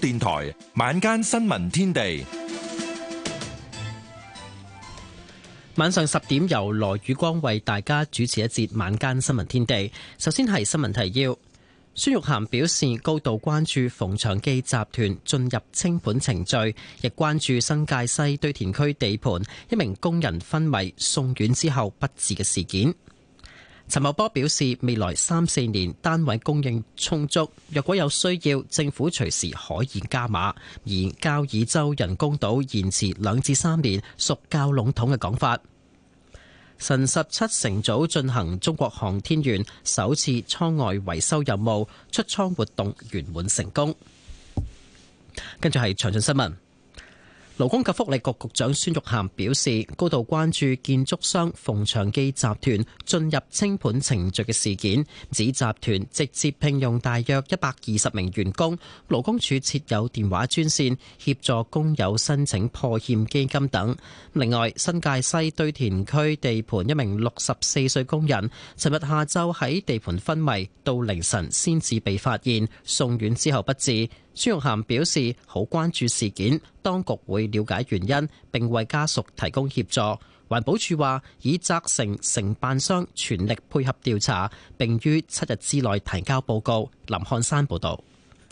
電台晚間新聞天地，晚上十點由羅宇光為大家主持一節晚間新聞天地。首先係新聞提要，孫玉涵表示高度關注馮祥記集團進入清盤程序，亦關注新界西堆填區地盤一名工人昏迷送院之後不治嘅事件。陳茂波表示，未來三四年單位供應充足，若果有需要，政府隨時可以加碼。而交椅洲人工島延遲兩至三年屬較籠統嘅講法。神十七乘組進行中國航天員首次艙外維修任務，出艙活動圓滿成功。跟住係詳盡新聞。勞工及福利局局長孫玉菡表示，高度關注建築商逢長基集團進入清盤程序嘅事件，指集團直接聘用大約一百二十名員工。勞工處設有電話專線協助工友申請破欠基金等。另外，新界西堆填區地盤一名六十四歲工人，尋日下晝喺地盤昏迷，到凌晨先至被發現，送院之後不治。孫玉菡表示好關注事件，當局會了解原因，並為家屬提供協助。環保署話，已責成承辦商全力配合調查，并於七日之內提交報告。林漢山報道。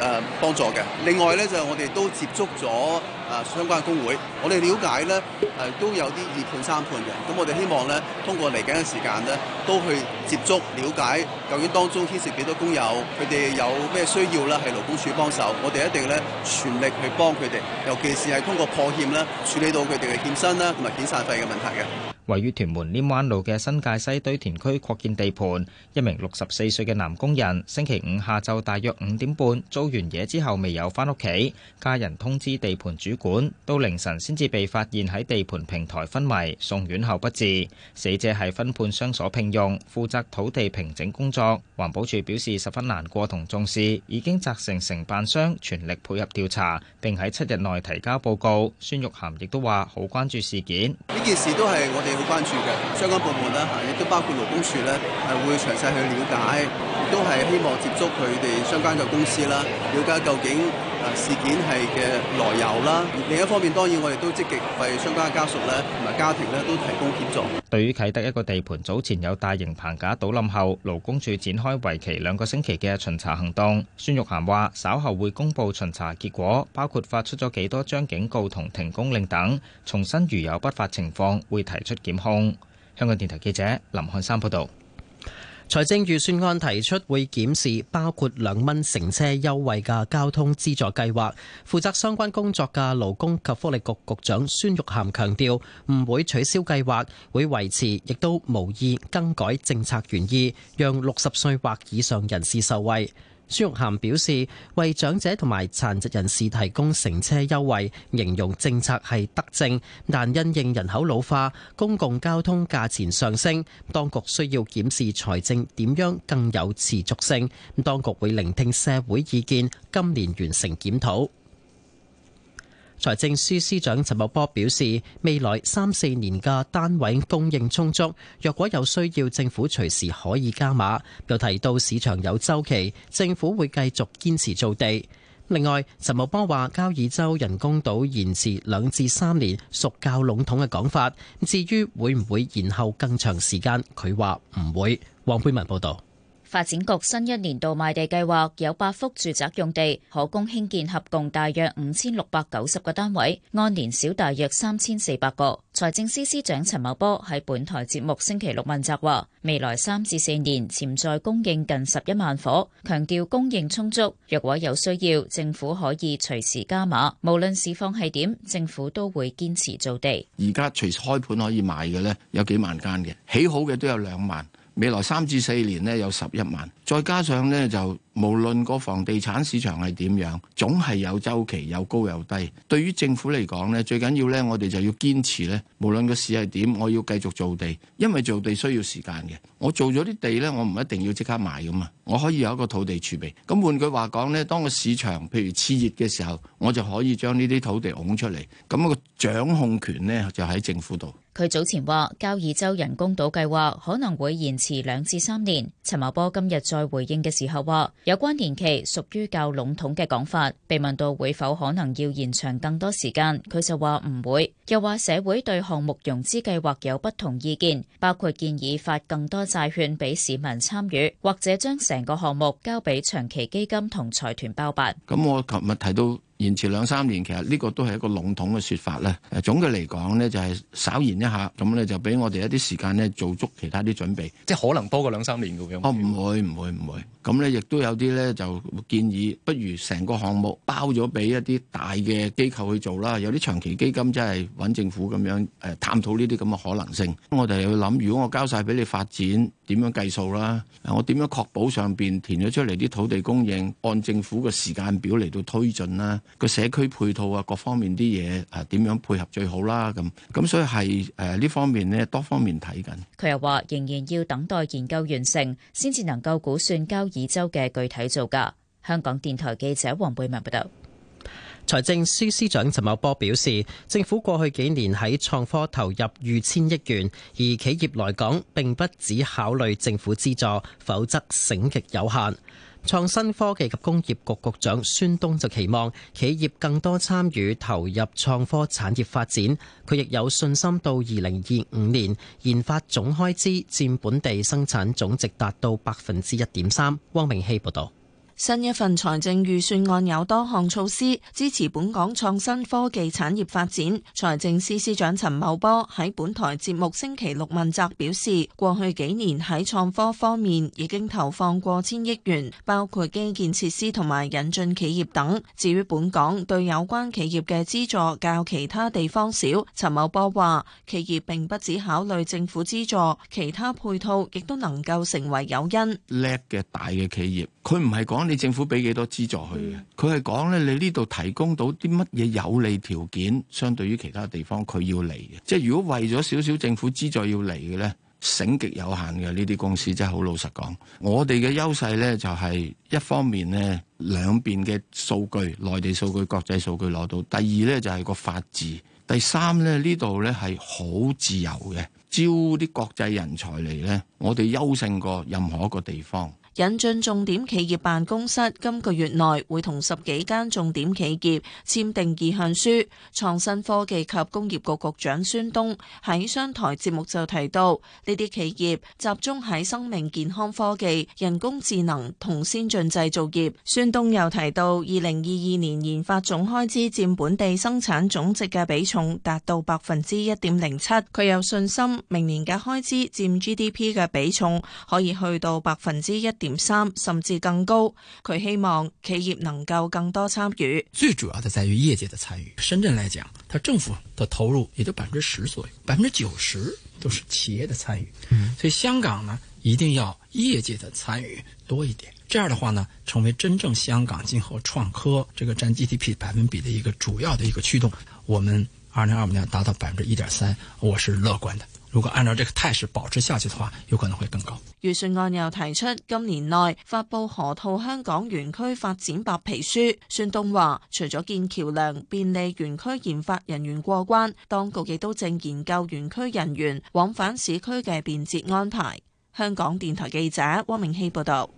誒，幫助嘅，另外咧就係我哋都接觸咗誒相關嘅工會。我哋了解咧誒、啊，都有啲二判三判嘅，咁我哋希望咧通過嚟緊嘅時間咧，都去接觸了解究竟當中牽涉幾多工友，佢哋有咩需要咧，係勞工處幫手，我哋一定咧全力去幫佢哋，尤其是係通過破欠咧處理到佢哋嘅欠薪啦同埋遣散費嘅問題嘅。位於屯門稔灣路嘅新界西堆填區擴建地盤，一名六十四歲嘅男工人，星期五下晝大約五點半做完嘢之後未有返屋企，家人通知地盤主管，到凌晨先至被發現喺地盤平台昏迷，送院後不治。死者係分判商所聘用，負責土地平整工作。環保署表示十分難過同重視，已經責成承辦商全力配合調查，並喺七日內提交報告。孫玉涵亦都話好關注事件，呢件事都係我哋。好關注嘅相關部門啦，嚇，亦都包括勞工處咧，係會詳細去了解，亦都係希望接觸佢哋相關嘅公司啦，了解究竟。事件係嘅來由啦。另一方面，當然我哋都積極為相關嘅家屬咧同埋家庭咧都提供協助。對於啟德一個地盤早前有大型棚架倒冧後，勞工處展開為期兩個星期嘅巡查行動。孫玉涵話稍後會公布巡查結果，包括發出咗幾多張警告同停工令等。重新如有不法情況，會提出檢控。香港電台記者林漢山報道。財政預算案提出會檢視包括兩蚊乘車優惠嘅交通資助計劃。負責相關工作嘅勞工及福利局局長孫玉菡強調，唔會取消計劃，會維持，亦都無意更改政策原意，讓六十歲或以上人士受惠。孫玉菡表示，為長者同埋殘疾人士提供乘車優惠，形容政策係德政，但因應人口老化，公共交通價錢上升，當局需要檢視財政點樣更有持續性。當局會聆聽社會意見，今年完成檢討。財政司司長陳茂波表示，未來三四年嘅單位供應充足，若果有需要，政府隨時可以加碼。又提到市場有週期，政府會繼續堅持造地。另外，陳茂波話，交椅洲人工島延遲兩至三年屬較籠統嘅講法。至於會唔會延後更長時間，佢話唔會。黃佩文報道。發展局新一年度賣地計劃有八幅住宅用地可供興建，合共大約五千六百九十個單位，按年少大約三千四百個。財政司司長陳茂波喺本台節目星期六問責話，未來三至四年潛在供應近十一萬伙，強調供應充足，若果有需要，政府可以隨時加碼。無論市況係點，政府都會堅持造地。而家隨時開盤可以賣嘅呢，有幾萬間嘅，起好嘅都有兩萬。未來三至四年呢，有十一萬，再加上呢，就。無論個房地產市場係點樣，總係有周期，有高有低。對於政府嚟講呢，最緊要呢，我哋就要堅持咧。無論個市係點，我要繼續做地，因為做地需要時間嘅。我做咗啲地呢，我唔一定要即刻賣㗎嘛，我可以有一個土地儲備。咁換句話講呢，當個市場譬如熾熱嘅時候，我就可以將呢啲土地拱出嚟。咁、那個掌控權呢，就喺政府度。佢早前話，交椅洲人工島計劃可能會延遲兩至三年。陳茂波今日再回應嘅時候話。有關年期屬於較籠統嘅講法，被問到會否可能要延長更多時間，佢就話唔會，又話社會對項目融資計劃有不同意見，包括建議發更多債券俾市民參與，或者將成個項目交俾長期基金同財團包辦。咁我琴日睇到。延遲兩三年，其實呢個都係一個籠統嘅説法啦。總嘅嚟講咧，就係稍延一下，咁咧就俾我哋一啲時間咧做足其他啲準備，即係可能多過兩三年咁樣。哦，唔會唔會唔會，咁咧亦都有啲咧就建議，不如成個項目包咗俾一啲大嘅機構去做啦。有啲長期基金即係揾政府咁樣誒，探討呢啲咁嘅可能性。咁我哋要諗，如果我交晒俾你發展，點樣計數啦？我點樣確保上邊填咗出嚟啲土地供應按政府嘅時間表嚟到推進啦？個社區配套啊，各方面啲嘢啊，點樣配合最好啦？咁咁，所以係誒呢方面呢，多方面睇緊。佢又話，仍然要等待研究完成，先至能夠估算交椅洲嘅具體造價。香港電台記者黃貝文報道。財政司司長陳茂波表示，政府過去幾年喺創科投入逾千億元，而企業來港並不止考慮政府資助，否則省極有限。創新科技及工業局局長孫東就期望企業更多參與投入創科產業發展。佢亦有信心到二零二五年，研發總開支佔本地生產總值達到百分之一點三。汪明希報導。新一份財政預算案有多項措施支持本港創新科技產業發展。財政司司長陳茂波喺本台節目星期六問責表示，過去幾年喺創科方面已經投放過千億元，包括基建設施同埋引進企業等。至於本港對有關企業嘅資助較其他地方少，陳茂波話：企業並不止考慮政府資助，其他配套亦都能夠成為誘因，叻嘅大嘅企業，佢唔係講。你政府俾幾多資助佢嘅？佢係講咧，你呢度提供到啲乜嘢有利條件，相對於其他地方佢要嚟嘅。即係如果為咗少少政府資助要嚟嘅咧，省極有限嘅呢啲公司，真係好老實講。我哋嘅優勢咧，就係一方面咧，兩邊嘅數據，內地數據、國際數據攞到；第二咧，就係個法治；第三咧，呢度咧係好自由嘅，招啲國際人才嚟咧，我哋優勝過任何一個地方。引進重點企業辦公室，今個月內會同十幾間重點企業簽訂意向書。創新科技及工業局局長孫東喺商台節目就提到，呢啲企業集中喺生命健康科技、人工智能同先進製造業。孫東又提到，二零二二年研發總開支占本地生產總值嘅比重達到百分之一點零七，佢有信心明年嘅開支占 GDP 嘅比重可以去到百分之一。點三甚至更高，佢希望企業能夠更多參與。最主要的在於業界的參與。深圳來講，他政府的投入也就百分之十左右，百分之九十都是企業的參與。嗯，所以香港呢，一定要業界的參與多一點。這樣的話呢，成為真正香港今後創科這個佔 GDP 百分比的一個主要的一個驅動。我們二零二五年達到百分之一點三，我是樂觀的。如果按照這個態勢保持下去的話，有可能會更高。預算案又提出，今年內發佈河套香港園區發展白皮書，孫東話，除咗建橋樑便利園區研發人員過關，當局亦都正研究園區人員往返市區嘅便捷安排。香港電台記者汪明熙報道。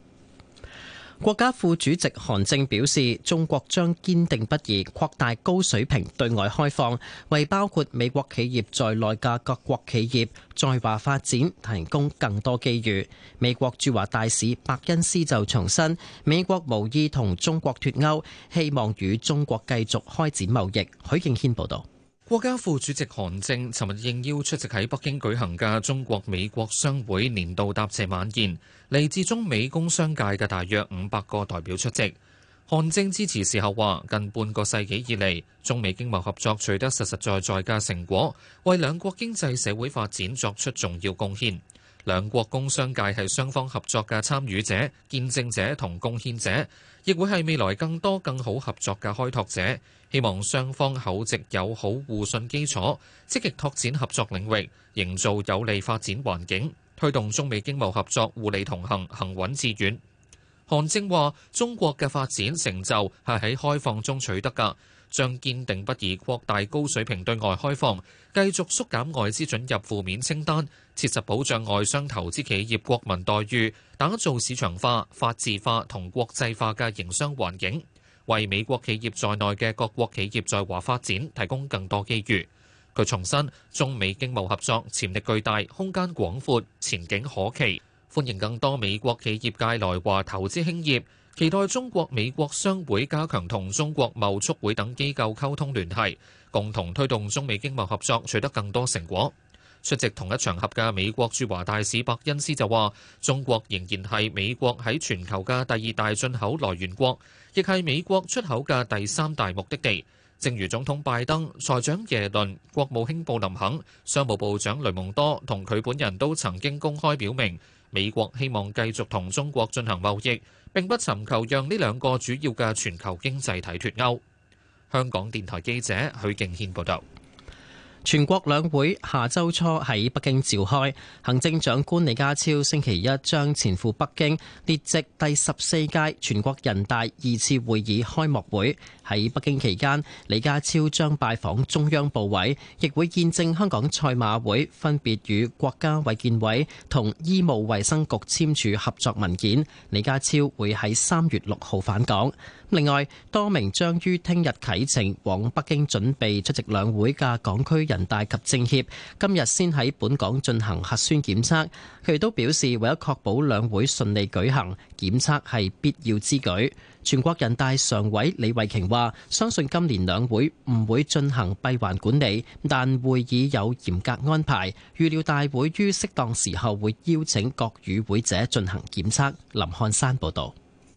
國家副主席韓正表示，中國將堅定不移擴大高水平對外開放，為包括美國企業在內嘅各國企業在華發展提供更多機遇。美國駐華大使白恩斯就重申，美國無意同中國脫鉤，希望與中國繼續開展貿易。許敬軒報道。國家副主席韓正尋日應邀出席喺北京舉行嘅中國美國商會年度答謝晚宴，嚟自中美工商界嘅大約五百個代表出席。韓正致辭時候話：近半個世紀以嚟，中美經貿合作取得實實在在嘅成果，為兩國經濟社會發展作出重要貢獻。兩國工商界係雙方合作嘅參與者、見證者同貢獻者，亦會係未來更多更好合作嘅開拓者。希望雙方厚植友好互信基礎，積極拓展合作領域，營造有利發展環境，推動中美經貿合作互利同行，行穩致遠。韓正話：中國嘅發展成就係喺開放中取得㗎。將堅定不移擴大高水平對外開放，繼續縮減外資准入負面清單，切實保障外商投資企業國民待遇，打造市場化、法治化同國際化嘅營商環境，為美國企業在內嘅各國企業在華發展提供更多機遇。佢重申，中美經貿合作潛力巨大，空間廣闊，前景可期，歡迎更多美國企業界來華投資興業。期待中國美國商會加強同中國貿促會等機構溝通聯繫，共同推動中美經貿合作取得更多成果。出席同一場合嘅美國駐華大使伯恩斯就話：中國仍然係美國喺全球嘅第二大進口來源國，亦係美國出口嘅第三大目的地。正如總統拜登、財長耶倫、國務卿布林肯、商務部長雷蒙多同佢本人都曾經公開表明，美國希望繼續同中國進行貿易，並不尋求讓呢兩個主要嘅全球經濟體脫鉤。香港電台記者許敬軒報道。全國兩會下周初喺北京召開，行政長官李家超星期一將前赴北京，列席第十四屆全國人大二次會議開幕會。喺北京期間，李家超將拜訪中央部委，亦會見證香港賽馬會分別與國家衛健委同醫務衛生局簽署合作文件。李家超會喺三月六號返港。另外，多名將於聽日啟程往北京準備出席兩會嘅港區人大及政協今日先喺本港進行核酸檢測，佢亦都表示，為咗確保兩會順利舉行，檢測係必要之舉，全國人大常委李慧瓊話相信今年兩會唔會進行閉環管理，但會議有嚴格安排。預料大會於適當時候會邀請各與會者進行檢測，林漢山報道。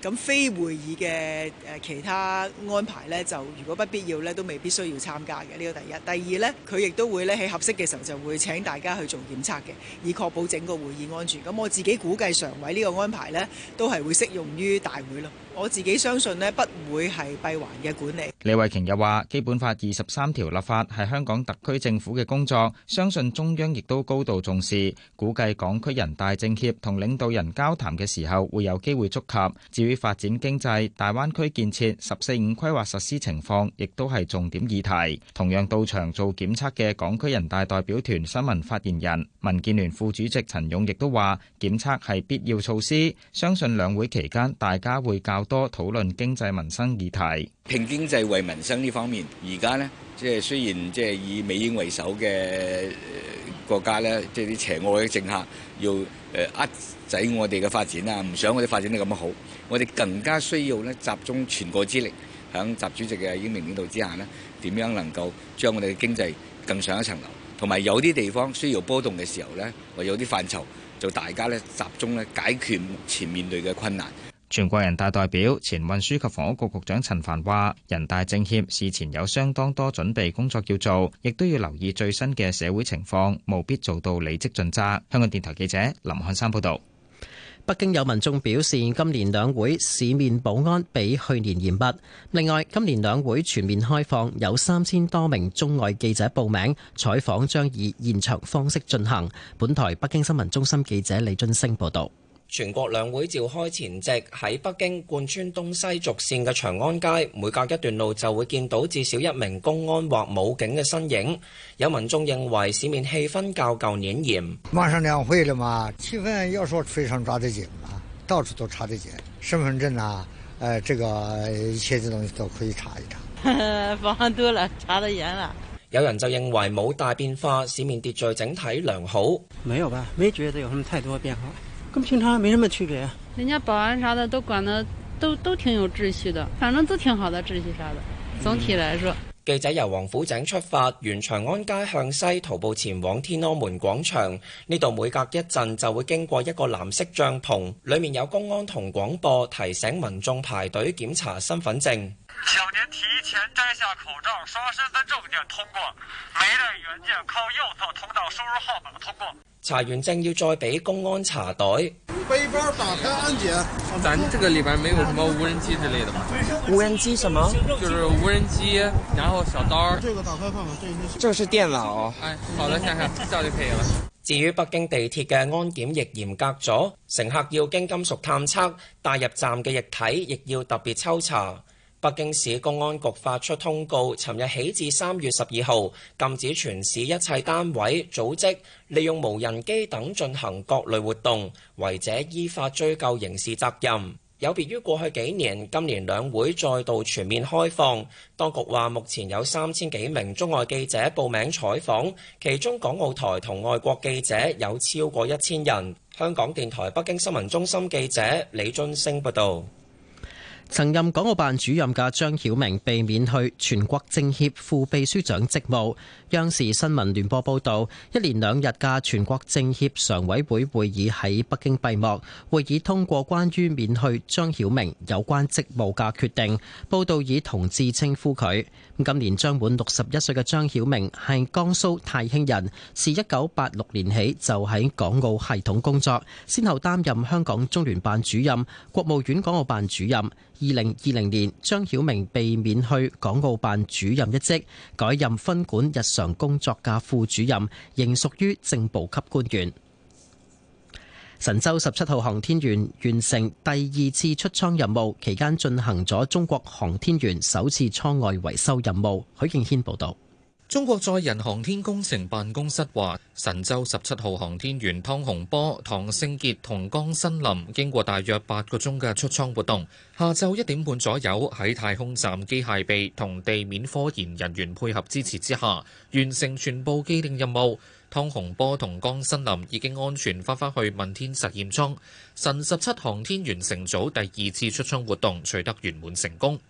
咁非會議嘅其他安排咧，就如果不必要咧，都未必需要參加嘅。呢個第一，第二咧，佢亦都會咧喺合適嘅時候就會請大家去做檢測嘅，以確保整個會議安全。咁我自己估計常委呢個安排咧，都係會適用於大會咯。我自己相信呢，不會係閉環嘅管理。李慧瓊又話：基本法二十三條立法係香港特區政府嘅工作，相信中央亦都高度重視。估計港區人大政協同領導人交談嘅時候會有機會觸及。至於發展經濟、大灣區建設、十四五規劃實施情況，亦都係重點議題。同樣到場做檢測嘅港區人大代表團新聞發言人、民建聯副主席陳勇亦都話：檢測係必要措施，相信兩會期間大家會較多討論經濟民生議題，拼經濟為民生呢方面，而家呢，即係雖然即係以美英為首嘅國家呢，即係啲邪惡嘅政客要誒呃仔我哋嘅發展啦，唔想我哋發展得咁好，我哋更加需要呢集中全國之力，響習主席嘅英明領導之下呢，點樣能夠將我哋嘅經濟更上一層樓，同埋有啲地方需要波動嘅時候呢，我有啲範疇就大家呢集中呢解決目前面對嘅困難。全國人大代表、前運輸及房屋局局長陳帆話，人大政協事前有相當多準備工作要做，亦都要留意最新嘅社會情況，務必做到履職盡責。香港電台記者林漢山報道。北京有民眾表示，今年兩會市面保安比去年嚴密。另外，今年兩會全面開放，有三千多名中外記者報名，採訪將以現場方式進行。本台北京新聞中心記者李津升報道。全國兩會召開前夕，喺北京貫穿東西軸線嘅長安街，每隔一段路就會見到至少一名公安或武警嘅身影。有民眾認為市面氣氛較舊年嚴。馬上兩會了嘛，氣氛要說非常抓得緊嘛，到處都查得緊，身份證啊，誒、呃，這個一切的東西都可以查一查。呵呵，多了，查得嚴了。有人就認為冇大變化，市面秩序整體良好。沒有吧？沒覺得有什麼太多變化。平常沒什麼區別，人家保安啥的都管得，都都挺有秩序的，反正都挺好的，秩序啥的總體來說、嗯、記者由王府井出發，沿長安街向西徒步前往天安門廣場。呢度每隔一陣就會經過一個藍色帳篷，裏面有公安同廣播提醒民眾排隊檢查身份證請您提前摘下口罩，刷身份證件通過。沒帶原件，靠右側通道，輸入號碼通過。查完證要再俾公安查袋。背包打開安檢。咱這個裏邊沒有什麼無人機之類的吧？無人機什麼？就是無人機，然後小刀。這個打開看看，就是，這是這是電腦，哦。哎，好了先生，這樣就可以了。至於北京地鐵嘅安檢亦嚴格咗，乘客要經金屬探測，帶入站嘅液體亦要特別抽查。 詳 北京市公安局發出通告，尋日起至三月十二號禁止全市一切單位組織利用無人機等進行各類活動，違者依法追究刑事責任。有別於過去幾年，今年兩會再度全面開放。當局話目前有三千幾名中外記者報名採訪，其中港澳台同外國記者有超過一千人。香港電台北京新聞中心記者李津升報道。曾任港澳辦主任嘅張曉明被免去全國政協副秘書長職務。央視新聞聯播報道，一連兩日嘅全國政協常委會會議喺北京閉幕，會議通過關於免去張曉明有關職務嘅決定。報道以同志稱呼佢。今年將滿六十一歲嘅張曉明係江蘇泰興人，自一九八六年起就喺港澳系統工作，先後擔任香港中聯辦主任、國務院港澳辦主任。二零二零年，張曉明被免去港澳辦主任一職，改任分管日常工作嘅副主任，仍屬於正部級官員。神舟十七號航天員完成第二次出艙任務期間，進行咗中國航天員首次艙外維修任務。許敬軒報道。中國載人航天工程辦公室話，神舟十七號航天員湯洪波、唐勝傑、同江新林經過大約八個鐘嘅出艙活動，下晝一點半左右喺太空站機械臂同地面科研人員配合支持之下，完成全部既定任務。湯洪波同江新林已經安全返返去問天實驗艙。神十七航天員乘組第二次出艙活動取得圓滿成功。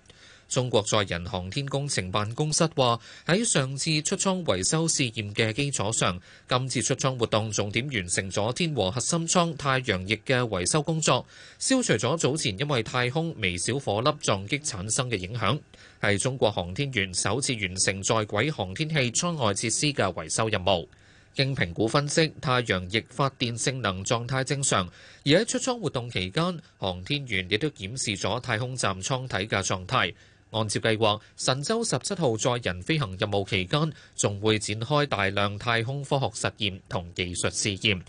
中國載人航天工程辦公室話：喺上次出艙維修試驗嘅基礎上，今次出艙活動重點完成咗天和核心艙太陽翼嘅維修工作，消除咗早前因為太空微小火粒撞擊產生嘅影響。係中國航天員首次完成在軌航天器艙外設施嘅維修任務。經評估分析，太陽翼發電性能狀態正常，而喺出艙活動期間，航天員亦都檢視咗太空站艙體嘅狀態。按照計劃，神舟十七號載人飛行任務期間，仲會展開大量太空科學實驗同技術試驗。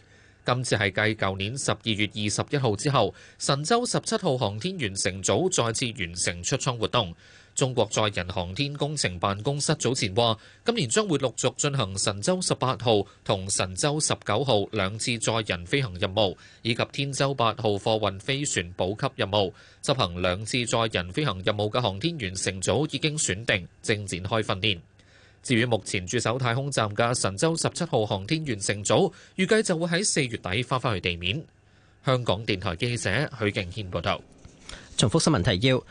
今次係繼舊年十二月二十一號之後，神舟十七號航天員乘組再次完成出艙活動。中國載人航天工程辦公室早前話，今年將會陸續進行神舟十八號同神舟十九號兩次載人飛行任務，以及天舟八號貨運飛船補給任務。執行兩次載人飛行任務嘅航天員乘組已經選定，正展開訓練。至於目前駐守太空站嘅神舟十七號航天員乘組，預計就會喺四月底翻返去地面。香港電台記者許敬軒報道。重複新聞提要。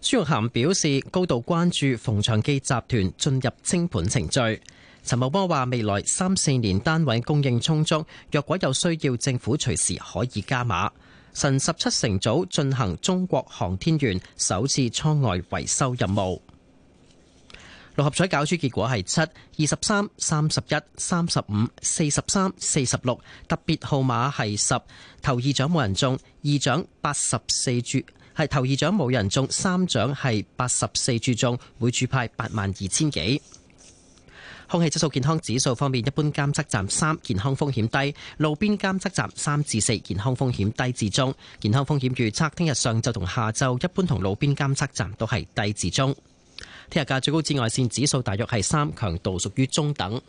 朱玉菡表示高度關注馮祥記集團進入清盤程序。陳茂波話：未來三四年單位供應充足，若果有需要，政府隨時可以加碼。神十七乘組進行中國航天員首次艙外維修任務。六合彩攪珠結果係七二十三三十一三十五四十三四十六，特別號碼係十。頭二獎冇人中，二獎八十四注。係頭二獎冇人中，三獎係八十四注中，每注派八萬二千幾。空氣質素健康指數方面，一般監測站三，健康風險低；路邊監測站三至四，健康風險低至中。健康風險預測聽日上晝同下晝，一般同路邊監測站都係低至中。聽日嘅最高紫外線指數大約係三，強度屬於中等。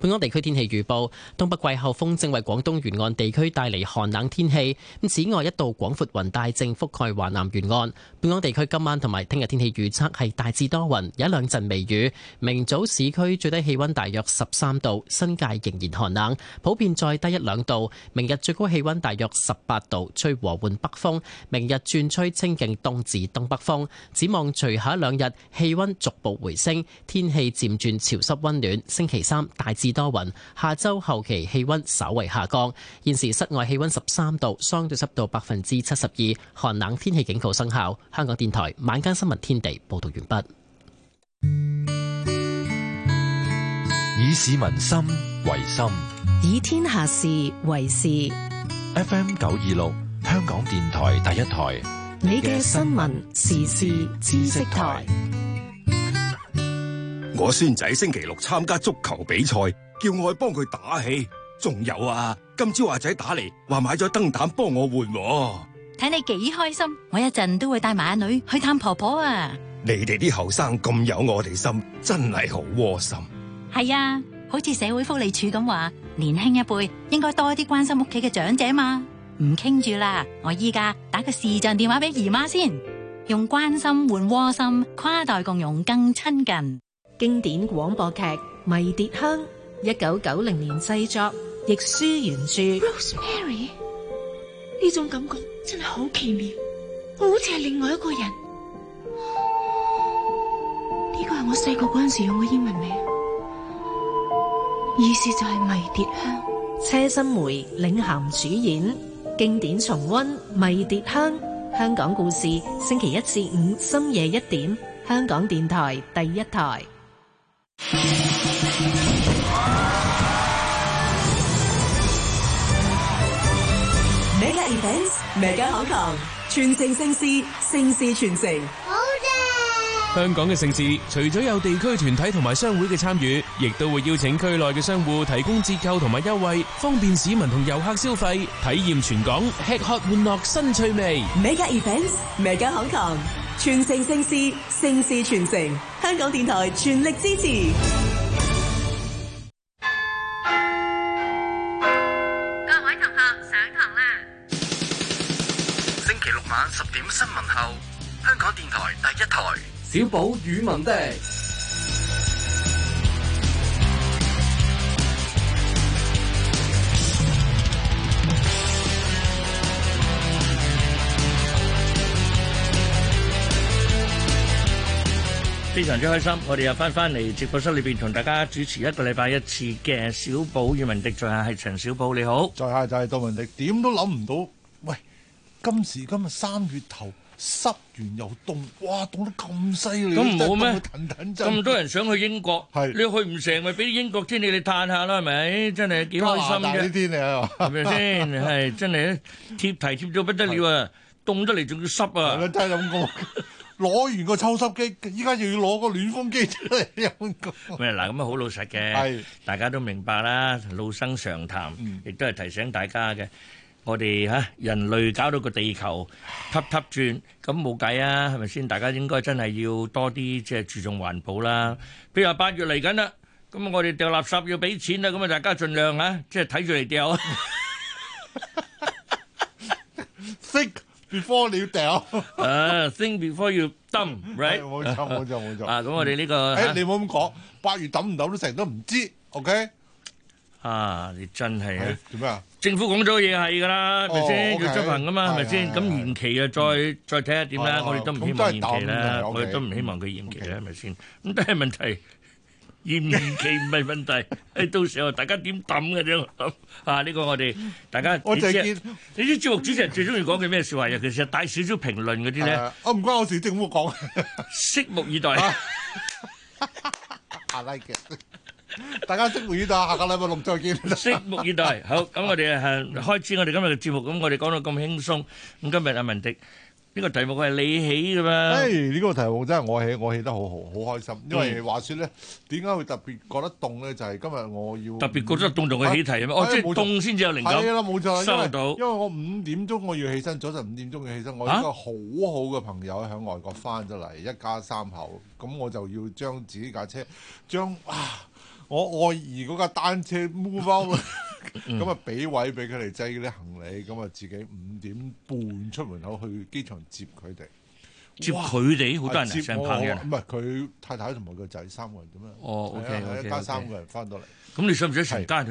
本港地區天氣預報，東北季候風正為廣東沿岸地區帶嚟寒冷天氣，咁此外，一道廣闊雲帶正覆蓋華南沿岸。本港地區今晚同埋聽日天氣預測係大致多雲，有一兩陣微雨。明早市區最低氣溫大約十三度，新界仍然寒冷，普遍再低一兩度。明日最高氣溫大約十八度，吹和緩北風，明日轉吹清勁東至東北風，展望隨後一兩日氣溫逐步回升，天氣漸轉潮濕溫暖。星期三大致。多雲，下周後期氣温稍為下降。現時室外氣温十三度，相對濕度百分之七十二，寒冷天氣警告生效。香港電台晚間新聞天地報道完畢。以市民心為心，以天下事為事。FM 九二六，香港電台第一台，你嘅新聞時事知識台。我孫仔星期六參加足球比賽，叫我去幫佢打氣。仲有啊，今朝阿仔打嚟話買咗燈膽幫我換喎。睇你幾開心，我一陣都會帶埋阿女去探婆婆啊。你哋啲後生咁有我哋心，真係好窩心。係啊，好似社會福利署咁話，年輕一輩應該多啲關心屋企嘅長者嘛。唔傾住啦，我依家打個視像電話俾姨媽先，用關心換窩心，跨代共融更親近。經典廣播劇《迷迭香》，一九九零年製作，亦舒原著。Rosemary，呢種感覺真係好奇妙，我好似係另外一個人。呢個係我細個嗰陣時用嘅英文名，意思就係迷迭香。車心梅領銜主演，經典重溫《迷迭香》。香港故事，星期一至五深夜一點，香港電台第一台。Mega Events, Mega Hong Kong，全城盛事，盛事全城。好嘅，香港嘅盛事除咗有地區團體同埋商會嘅參與，亦都會邀請區內嘅商戶提供折扣同埋優惠，方便市民同遊客消費，體驗全港吃喝玩樂新趣味。Mega Events, Mega Hong Kong。全城盛事，盛事全城。香港電台全力支持。各位同學，上堂啦！星期六晚十點新聞後，香港電台第一台小寶語文的。非常之開心，我哋又翻翻嚟直播室裏邊同大家主持一個禮拜一次嘅小寶與文迪。在下係陳小寶，你好，在下就係杜文迪。點都諗唔到，喂，今時今日三月頭濕完又凍，哇，凍得咁犀利，咁係凍到佢氹氹震，咁多人想去英國，係你去唔成，咪俾啲英國天氣你嘆下啦，係咪？真係幾開心嘅。呢啲天氣係咪先？係 真係貼題貼咗不得了得啊！凍得嚟仲要濕啊！係咯，真係咁講。攞完個抽濕機，依家又要攞個暖風機出嚟用。嗱，咁啊好老實嘅，大家都明白啦，老生常談，亦、嗯、都係提醒大家嘅。我哋嚇人類搞到個地球揹揹轉，咁冇計啊，係咪先？大家應該真係要多啲即係注重環保啦。譬如話八月嚟緊啦，咁我哋掉垃圾要俾錢啦，咁啊大家盡量嚇，即係睇住嚟掉。t Before 你要掉，啊，think before you dump, right? 冇 錯、哎、冇錯冇錯。錯錯 啊，咁我哋呢、這個，誒、嗯哎，你唔好咁講，八月揼唔到都成日都唔知，ok？啊，你真係啊，做咩啊？政府講咗嘢係噶啦，咪、哦、先？Okay? 要執行噶嘛，係咪先？咁延期啊，再、嗯、再睇下點啦。哦、我哋都唔希望延期啦，嗯嗯、我哋都唔希望佢延期啦，係、okay? 咪、okay? 先？咁但係問題。延期唔係問題，誒到時候大家點諗嘅啫，啊呢個我哋大家。我就見你啲節目主持人最中意講嘅咩説話，尤其是帶少少評論嗰啲咧。啊唔關我事，政府講。拭目以待。阿 Like，大家拭目以待，下個禮拜六再見。拭目以待，好咁我哋係開始我哋今日嘅節目，咁我哋講到咁輕鬆，咁今日阿文迪，呢、這個題目係你起噶嘛？誒、哎，呢、這個題目真係我起，我起得好好，好開心。因為話說咧，點解會特別覺得凍咧？就係、是、今日我要特別覺得凍，仲係起題啊？嘛、哎哦哎，即係凍先至有靈感。冇錯，因為因為我五點鐘我要起身，早晨五點鐘要起身。我有一個好好嘅朋友喺外國翻咗嚟，一家三口，咁我就要將自己架車，將啊我愛兒嗰架單車 move 翻。 咁、嗯、啊，俾位俾佢哋擠啲行李，咁啊自己五點半出門口去機場接佢哋，接佢哋好多人，鄭唔係佢太太同埋個仔三個人咁樣。哦，OK o、okay, okay. 一家三個人翻到嚟，咁、嗯、你想唔想一間？